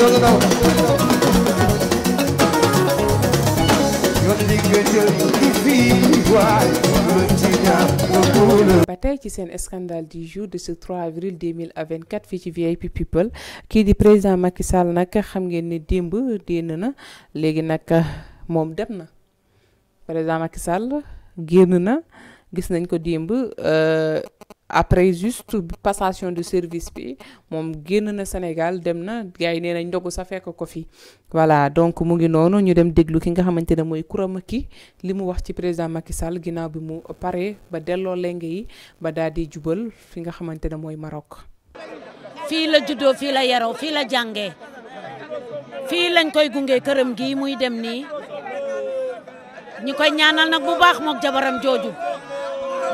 ba tey ci seen scandale di jour de ce 3 vingt 2024 fii ci VIP People kii di président Macky Sall nag xam ngeen ne démb dénn na léegi nag moom dem na président Macky Sall génn na gis nañ ko démb euh, après juste passation de service bi moom génn na Sénégal dem na gars yi nee nañ sa fekk ko fi voilà donc mu ngi noonu ñu dem déglu ki nga xamante ne mooy Coura Macky li mu wax ci président Macky Sall ginnaaw bi mu pare ba delloo lenge yi ba daal di jubal fi nga xamante ne mooy Maroc. fii la juddoo fii la yaroo fii la jànge fii lañ koy gunge këram gi muy dem nii ñu koy ñaanal nag bu baax mook jabaram jooju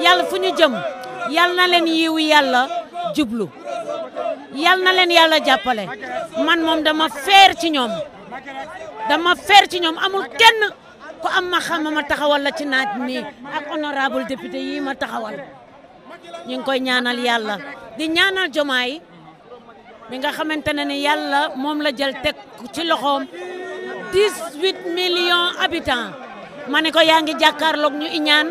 yàlla fu ñu jëm. yal na leen yiwu yàlla jublu yal na leen yàlla jàppale man moom dama feer ci ñoom dama feer ci ñoom amul kenn ku am ma xam ma taxawal la ci naaj nii ak honorable député yii ma taxawal ñu ngi koy ñaanal yàlla di ñaanal jomaay mi nga xamante ne ni yàlla moom la jël teg ci loxoom 18 millions habitants ma ne ko yaa ngi jàkkaarloog ñu iñaan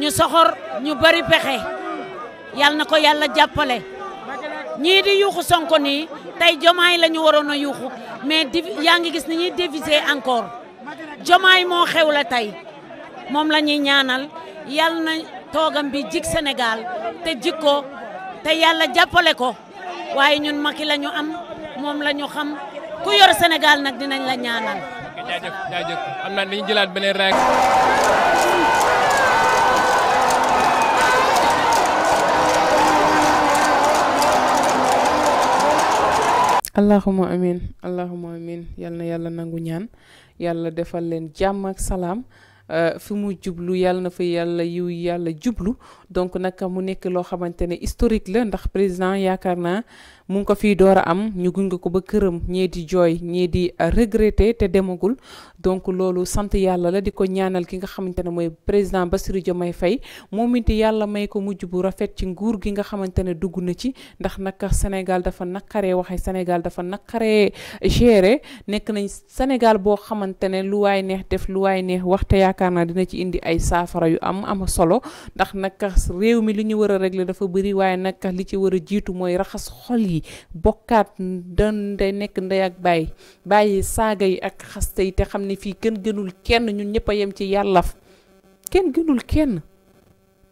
ñu soxor ñu bari pexe yal na ko yàlla jàppale ñii di yuuxu Sonko nii tey jomaay la ñu waroon a yuuxu mais di yaa ngi gis ni ñuy diviser encore jomaay moo xew la tey moom lañuy ñaanal yal na toogam bi jig senegaal te jig te yàlla jàppale ko waaye ñun Macky la ñu am moom la xam ku yor Sénégal nag dinañ la ñaanal. jaajëf jaajëf am naa dañuy jëlaat beneen rek. allahuma amin allahuma amin yal na yàlla nangu ñaan yàlla defal leen jàmm ak salaam euh, fu mu jublu yàlla na fa yàlla yiw yàlla jublu donc nag mu nekk loo xamante ne historique la ndax président yaakaar naa mu ngi ko fi door a am ñu gunge ko ba këram ñee di jooy ñii di euh, regretter te demagul donc loolu sant yàlla la di ko ñaanal ki nga xamante ne mooy président Bassirou may Faye moom it yàlla may ko mujj bu rafet ci nguur gi nga xamante ne dugg na ci ndax nag Sénégal dafa nakaree waxee Sénégal dafa nakaree gérer nekk nañ Sénégal boo xamante ne lu waaye neex def lu waaye neex wax te yaakaar naa dina ci indi ay saafara yu am ama solo ndax nag réew mi li ñu war a régler dafa bëri waaye nag li ci war a jiitu mooy raxas yi bokkaat dan nekk ndey ak bàyyi bàyyi saaga yi ak xaste yi te xam ne fii kenn gënul kenn ñun ñëpp yem ci yàllaf kenn gënul kenn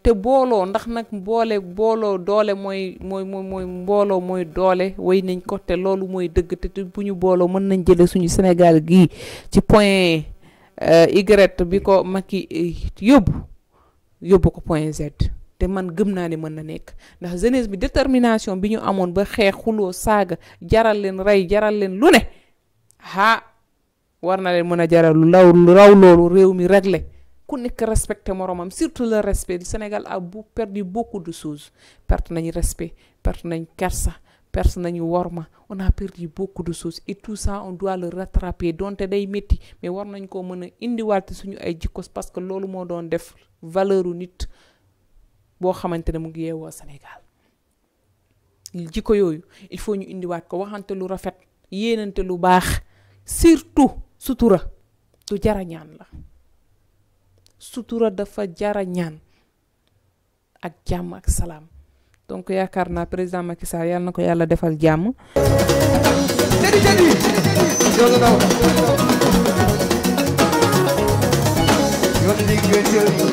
te booloo ndax nag boole booloo doole mooy mooy mooy mooy mbooloo mooy doole way nañ ko te loolu mooy dëgg te bu ñu booloo mën nañ jële suñu Sénégal gii ci point euh, Y bi ko Macky euh, yóbbu yóbbu ko point Z te man gëm naa ne mën na nekk ndax jeunesse bi détermination bi ñu amoon ba xeex xuloo saaga jaral leen rey jaral leen lu ne ah war na leen mën a jaral lu law lu raw loolu réew mi réglé ku nekk respecté moromam surtout le respect le Sénégal a bu perdu beaucoup de choses perte nañ respect perte nañ kersa perte nañu worma on a perdu beaucoup de choses et tout ça on doit le rattraper donte day métti mais war nañ koo mën a indiwaat suñu ay jikkos parce que loolu moo doon def valeur nit. boo xamante ne mu ngi yeewoo Sénégal jikko yooyu il faut ñu indiwaat ko waxante lu rafet yéenante lu baax surtout sutura du jara ñaan la sutura dafa jara ñaan ak jàmm ak salaam donc yaakaar naa président Macky Sall yàlla na ko yàlla defal jàmm jangan